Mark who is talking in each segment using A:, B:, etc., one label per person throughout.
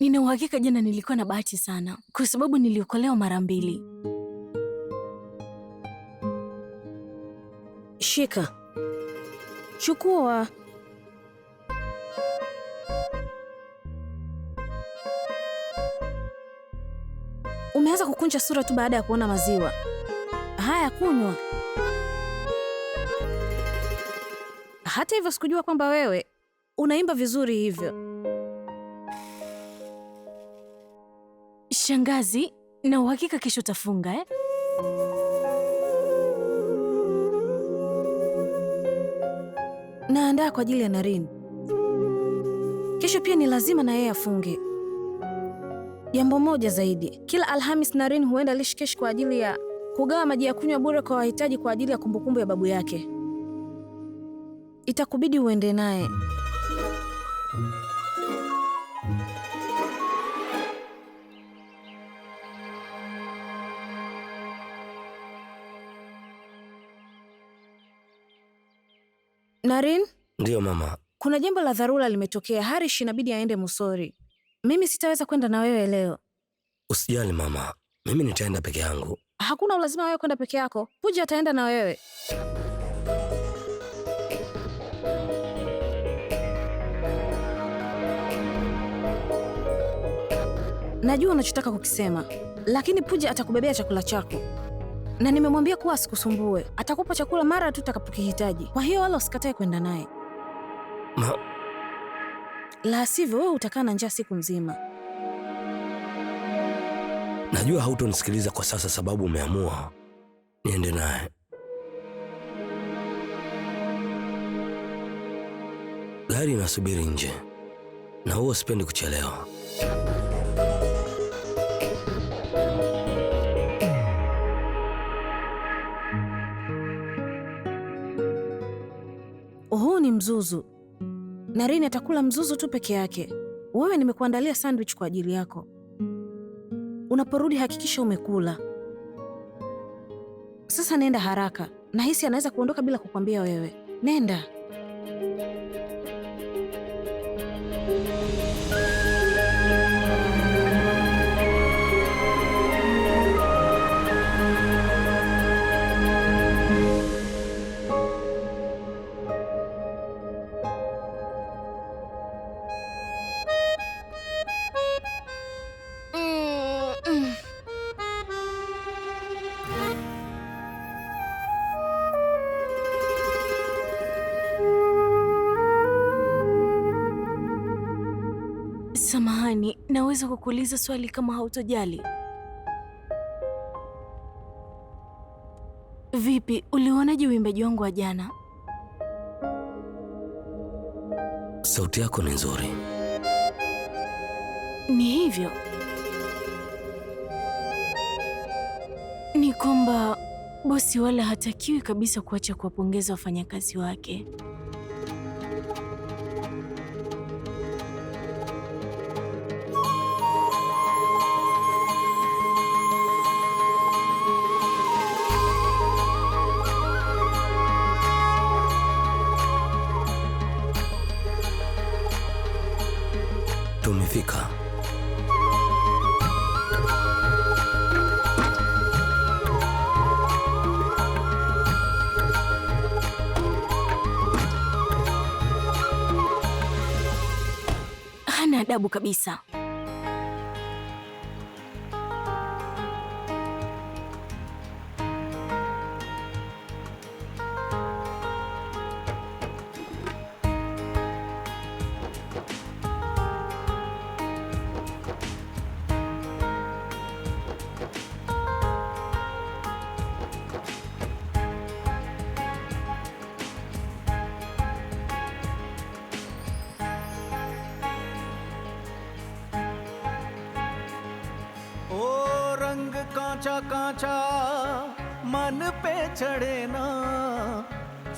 A: Nina uhakika jana nilikuwa na bahati sana kwa sababu niliokolewa mara mbili. Shika, chukua. Umeanza kukunja sura tu baada ya kuona maziwa haya. Kunywa. Hata hivyo, sikujua kwamba wewe unaimba vizuri hivyo. Shangazi, na uhakika kesho utafunga eh? Naandaa kwa ajili ya Naren. Kesho pia ni lazima na yeye afunge. Jambo moja zaidi, kila Alhamis Naren huenda lishkesh kwa ajili ya kugawa maji ya kunywa bure kwa wahitaji kwa ajili ya kumbukumbu ya babu yake. Itakubidi uende naye. jambo la dharura limetokea. Harish inabidi aende Musori. Mimi sitaweza kwenda na wewe leo.
B: Usijali mama, mimi nitaenda peke yangu.
A: Hakuna ulazima wewe kwenda peke yako, Puja ataenda na wewe. Najua unachotaka kukisema, lakini Puja atakubebea chakula chako, na nimemwambia kuwa asikusumbue. Atakupa chakula mara tu utakapokihitaji, kwa hiyo wala usikatae kwenda naye. Ma... la sivyo wewe utakaa na njaa siku nzima.
B: Najua hautonisikiliza kwa sasa, sababu umeamua niende naye, gari inasubiri nje, na huwa sipendi kuchelewa.
A: Huu ni mzuzu Naren atakula mzuzu tu peke yake. Wewe nimekuandalia sandwich kwa ajili yako. Unaporudi hakikisha umekula. Sasa nenda haraka. Nahisi anaweza kuondoka bila kukwambia wewe. Nenda. Naweza kukuuliza swali kama hautojali? Vipi, ulionaje uimbaji wangu wa jana?
B: Sauti yako ni nzuri.
A: Ni hivyo, ni kwamba bosi wala hatakiwi kabisa kuacha kuwapongeza wafanyakazi wake.
B: tumefika.
A: Hana adabu kabisa.
C: कांचा कांचा मन पे चढ़े ना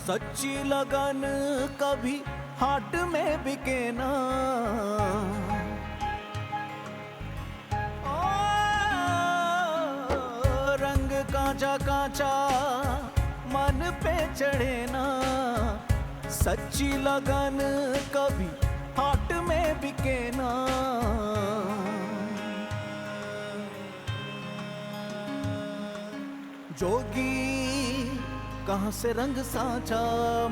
C: सच्ची लगन कभी हाट में बिके ना ओ, रंग कांचा कांचा मन पे चढ़े ना सच्ची लगन कभी जोगी कहाँ से रंग साचा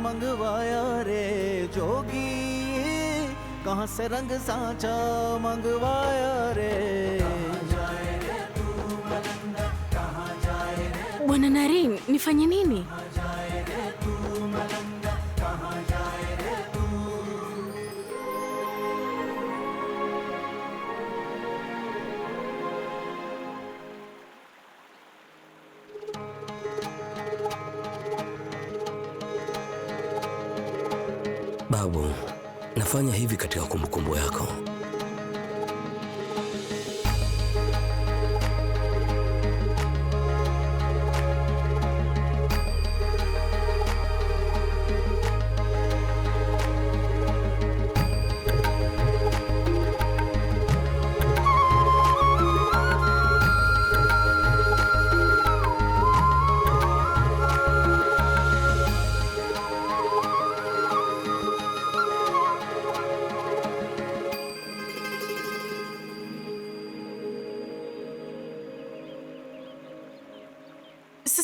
C: मंगवाया रे जोगी कहाँ से रंग साचा मंगवाया रे
A: Bwana Naren, nifanye nini?
B: Babu, nafanya hivi katika kumbukumbu yako.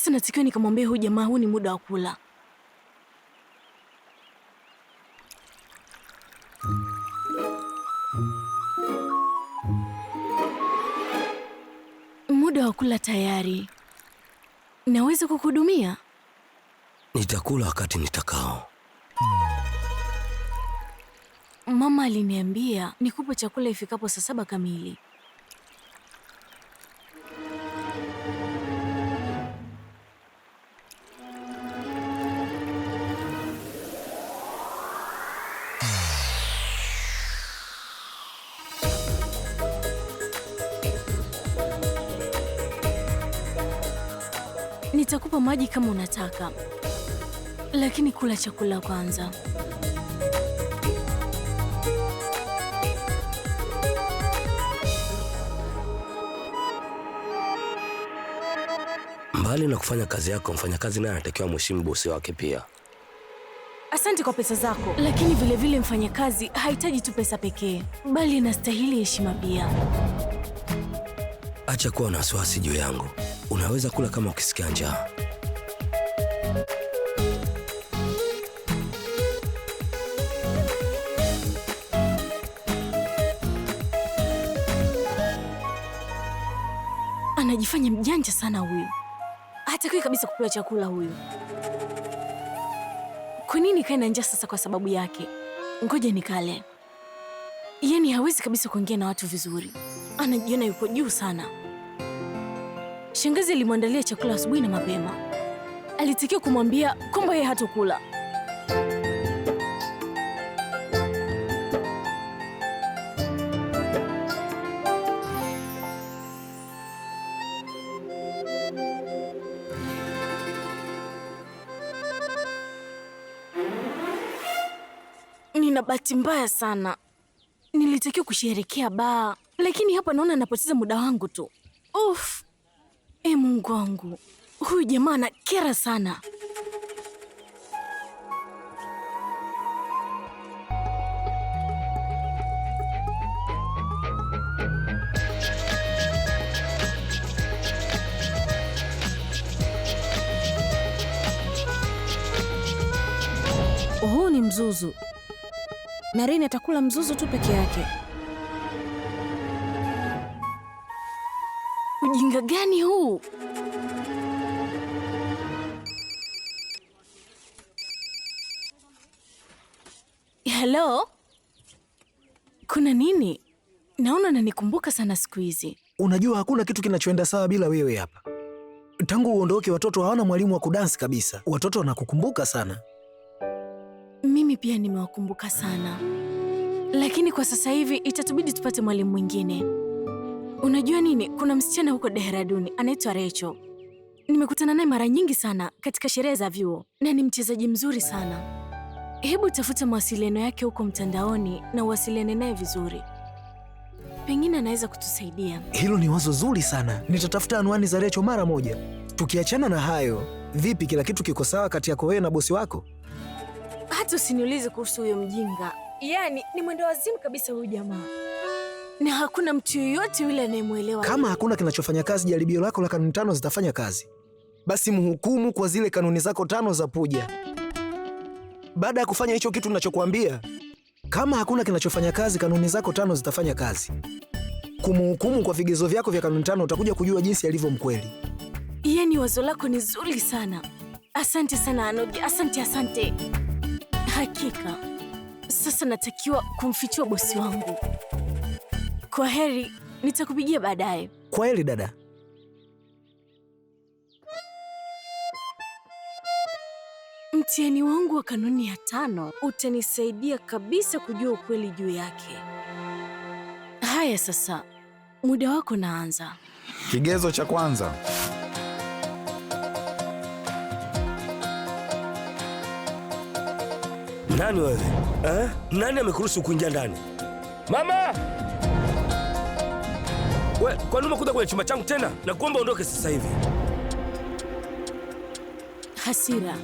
A: Sasa natakiwa nikamwambia huyu jamaa, huu ni muda wa kula. Muda wa kula tayari. Naweza kukuhudumia?
B: Nitakula wakati nitakao.
A: Mama aliniambia nikupe chakula ifikapo saa saba kamili. nitakupa maji kama unataka, lakini kula chakula kwanza.
B: Mbali na kufanya kazi yako, mfanyakazi naye anatakiwa mheshimu bosi wake pia.
A: Asante kwa pesa zako, lakini vilevile mfanyakazi hahitaji tu pesa pekee, bali anastahili heshima pia.
B: Acha kuwa na wasiwasi juu yangu. Unaweza kula kama ukisikia njaa.
A: Anajifanya mjanja sana huyu, hatakiwi kabisa kupewa chakula huyu. Kwa nini kae na njaa sasa? Kwa sababu yake? Ngoja nikale. Yaani hawezi kabisa kuongea na watu vizuri, anajiona yuko juu sana. Shangazi alimwandalia chakula asubuhi na mapema. Alitakiwa kumwambia kwamba yeye hatokula. Nina bahati mbaya sana. Nilitakiwa kusherekea baa, lakini hapa naona napoteza muda wangu tu. Uf. E Mungu wangu, huyu jamaa anakera sana. Huu ni mzuzu. Naren atakula mzuzu tu peke yake. ujinga gani huu? Halo, kuna nini? Naona nanikumbuka sana siku hizi.
D: Unajua hakuna kitu kinachoenda sawa bila wewe hapa. Tangu uondoke, watoto hawana mwalimu wa kudansi kabisa. Watoto wanakukumbuka sana.
A: Mimi pia nimewakumbuka sana, lakini kwa sasa hivi itatubidi tupate mwalimu mwingine. Unajua nini, kuna msichana huko Deheraduni anaitwa Recho. Nimekutana naye mara nyingi sana katika sherehe za vyuo na ni mchezaji mzuri sana. Hebu tafuta mawasiliano yake huko mtandaoni na uwasiliane naye vizuri, pengine anaweza kutusaidia.
D: Hilo ni wazo zuri sana, nitatafuta anwani za Recho mara moja. Tukiachana na hayo, vipi, kila kitu kiko sawa kati yako wewe na bosi wako?
A: Hata usiniulize kuhusu huyo mjinga, yaani ni mwendo wazimu kabisa huyu jamaa na hakuna mtu yoyote yule anayemwelewa.
D: Kama hakuna kinachofanya kazi, jaribio lako la kanuni tano zitafanya kazi. Basi mhukumu kwa zile kanuni zako tano za Puja. Baada ya kufanya hicho kitu ninachokuambia, kama hakuna kinachofanya kazi, kanuni zako tano zitafanya kazi. Kumhukumu kwa vigezo vyako vya kanuni tano, utakuja kujua jinsi alivyo mkweli.
A: yani wazo lako ni zuri sana. Asante sana Anoge, asante asante. Hakika sasa natakiwa kumfichua bosi wangu. Kwa heri, nitakupigia baadaye.
D: Kwa heri dada.
A: Mtihani wangu wa kanuni ya tano utanisaidia kabisa kujua ukweli juu yake. Haya sasa, muda wako naanza.
D: Kigezo cha kwanza.
E: Nani wewe? Eh? Nani amekuruhusu kuingia ndani? Mama! We, kwa nini umekuja kwenye chumba changu tena? Na kuomba ondoke sasa hivi.
A: Hasira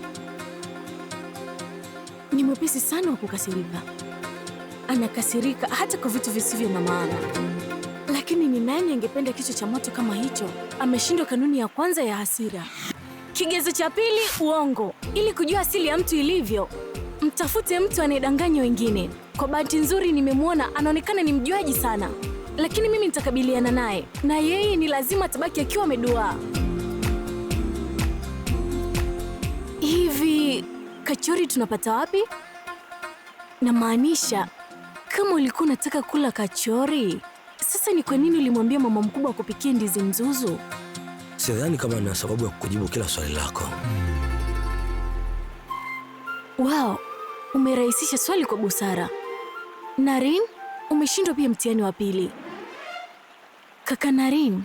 A: ni mwepesi sana wa kukasirika, anakasirika hata kwa vitu visivyo na maana. Lakini ni nani angependa kichwa cha moto kama hicho? Ameshindwa kanuni ya kwanza ya hasira. Kigezo cha pili, uongo. Ili kujua asili ya mtu ilivyo, mtafute mtu anayedanganya wengine. Kwa bahati nzuri, nimemwona anaonekana ni mjuaji sana lakini mimi nitakabiliana naye na yeye ni lazima atabaki akiwa ameduaa. Hivi kachori tunapata wapi? Namaanisha, kama ulikuwa unataka kula kachori, sasa ni kwa nini ulimwambia mama mkubwa akupikie ndizi mzuzu?
B: Sidhani kama na sababu ya kujibu kila swali lako. Hmm.
A: Wow, umerahisisha swali kwa busara. Naren, umeshindwa pia mtihani wa pili. Kaka Naren,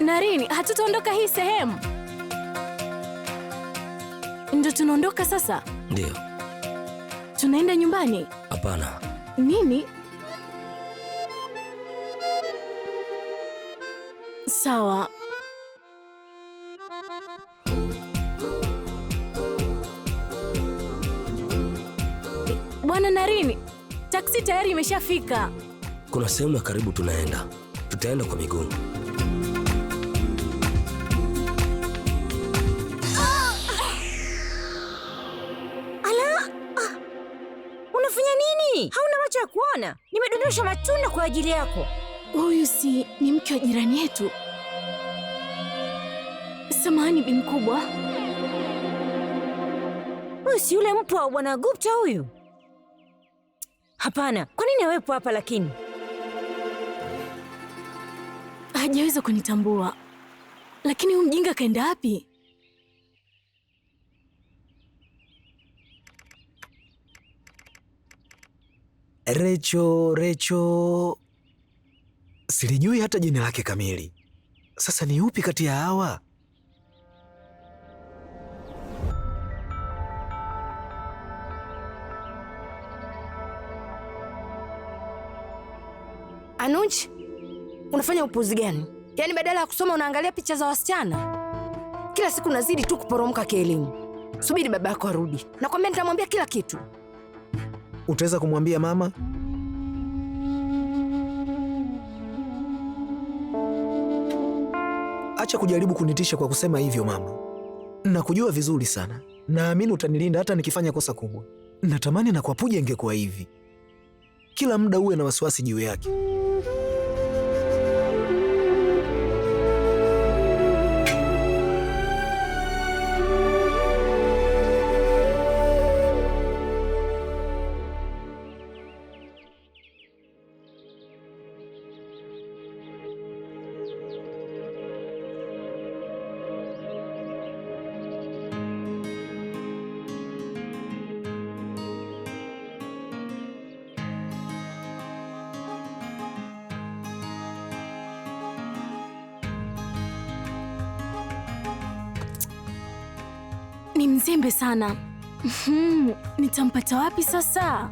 A: Naren, hatutaondoka hii sehemu. Ndio tunaondoka sasa? Ndio. Tunaenda nyumbani? Hapana. Nini? Sawa. Bwana Naren, taksi tayari imeshafika.
B: Kuna sehemu ya karibu tunaenda, tutaenda kwa miguu.
A: Ah, Hauna macho ya kuona? Nimedondosha matunda kwa ajili yako. Huyu si ni mke wa jirani yetu? Samahani bi mkubwa, huyu si yule mpwa wa bwana Gupta huyu? Hapana, kwa nini awepo hapa lakini hajaweza kunitambua. Lakini huyu mjinga kaenda wapi?
D: Recho, Recho, silijui hata jina lake kamili. Sasa ni upi kati ya hawa?
A: Anuj, Unafanya upuzi gani? Yaani badala ya kusoma unaangalia picha za wasichana. Kila siku unazidi tu kuporomoka kielimu. Subiri baba yako arudi, nakwambia nitamwambia kila kitu.
D: Utaweza kumwambia mama? Acha kujaribu kunitisha kwa kusema hivyo mama. Nakujua vizuri sana, naamini utanilinda hata nikifanya kosa kubwa. Natamani na kwa ingekuwa hivi, kila muda uwe na wasiwasi juu yake.
A: ni mzembe sana. Mhm, nitampata wapi sasa?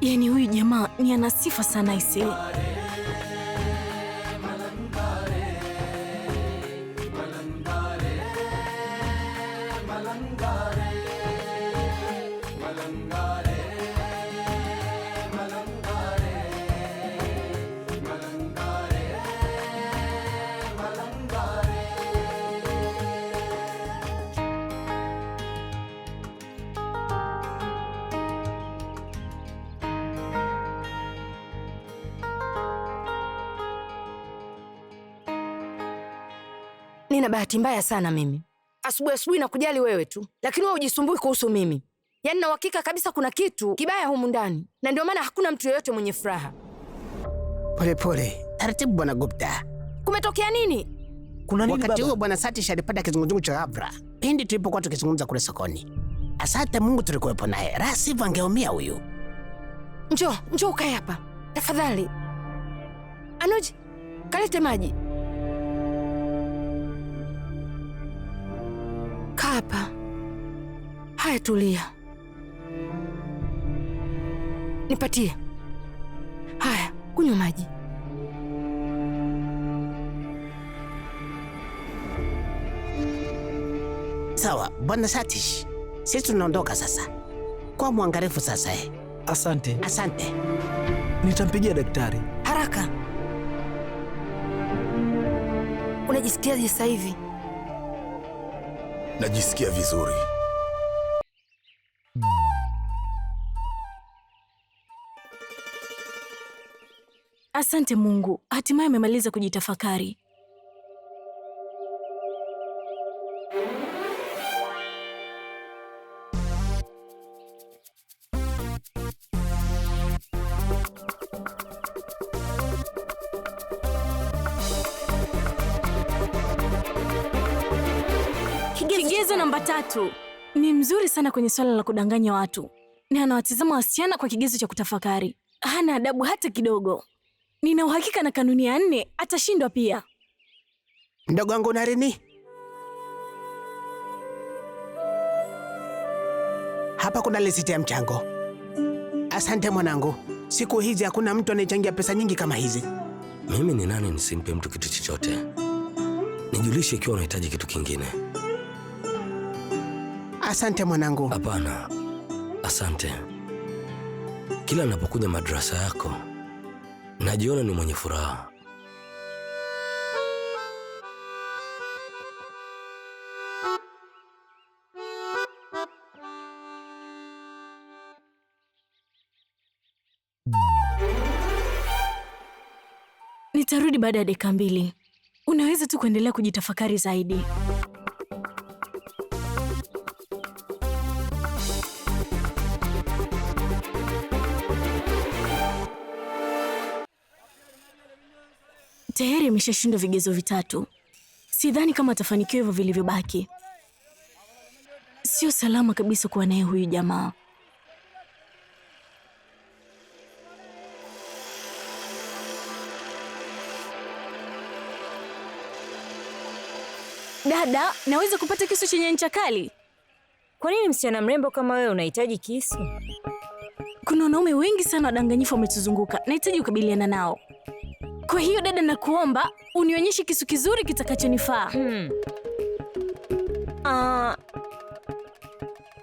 A: Yaani huyu jamaa ni ana sifa sana isee. na bahati mbaya sana mimi. Asubuhi asubuhi na kujali wewe tu, lakini wewe ujisumbui kuhusu mimi. Yaani na uhakika kabisa kuna kitu kibaya humu ndani, na ndio maana hakuna mtu yeyote mwenye furaha.
F: Polepole, taratibu bwana Gupta.
A: Kumetokea nini?
F: Kuna nini wakati Huo bwana Satish alipata kizunguzungu cha ghafla pindi tulipokuwa tukizungumza kule sokoni. Asante Mungu tulikuwepo naye, la sivyo angeumia huyu.
A: Njoo, njoo ukae hapa tafadhali. Anuj, kalete maji. Kaa hapa. Haya, tulia, nipatie. Haya, kunywa maji.
F: Sawa bwana Satish, sisi tunaondoka sasa. Kwa mwangalifu sasa eh. Asante, asante.
B: Nitampigia daktari
A: haraka. Unajisikiaje sasa hivi?
B: Najisikia vizuri.
A: Asante Mungu, hatimaye amemaliza kujitafakari. Tatizo namba tatu, ni mzuri sana kwenye swala la kudanganya watu, na anawatizama wasichana kwa kigezo cha kutafakari. Hana adabu hata kidogo. Nina uhakika na kanuni ya nne atashindwa pia.
G: Mdogo wangu Narini, hapa kuna lisiti ya mchango. Asante mwanangu, siku hizi hakuna mtu anayechangia pesa nyingi kama hizi.
B: Mimi ni nani nisimpe mtu kitu chochote? Nijulishe ikiwa unahitaji kitu kingine.
G: Asante mwanangu.
B: Hapana, asante. Kila napokuja madrasa yako najiona ni mwenye furaha.
A: Nitarudi baada ya dakika mbili. Unaweza tu kuendelea kujitafakari zaidi. Tayari ameshashindwa vigezo vitatu. Sidhani kama atafanikiwa hivyo vilivyobaki. Sio salama kabisa kuwa naye huyu jamaa. Dada, naweza kupata kisu chenye ncha kali?
H: Kwa nini msichana mrembo kama wewe unahitaji kisu?
A: Kuna wanaume wengi sana wadanganyifu wametuzunguka. Nahitaji kukabiliana nao. Kwa hiyo dada, nakuomba unionyeshe kisu kizuri kitakachonifaa. Hmm. Uh,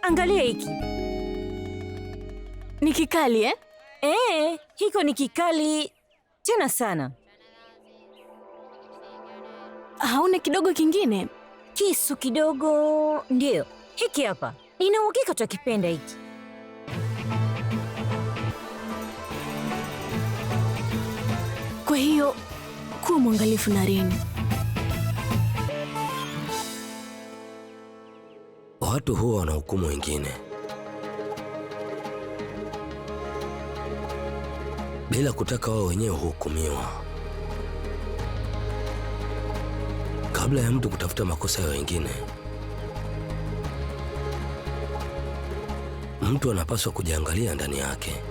A: angalia hiki. Ni kikali eh?
H: Eh, hiko ni kikali tena sana.
A: Hauna kidogo kingine?
H: Kisu kidogo, ndiyo hiki hapa. Nina uhakika tutakipenda hiki.
A: Kwa hiyo kuwa mwangalifu na Naren.
B: Watu huwa wanahukumu wengine bila kutaka wao wenyewe huhukumiwa. Kabla ya mtu kutafuta makosa ya wengine, mtu anapaswa kujiangalia ndani yake.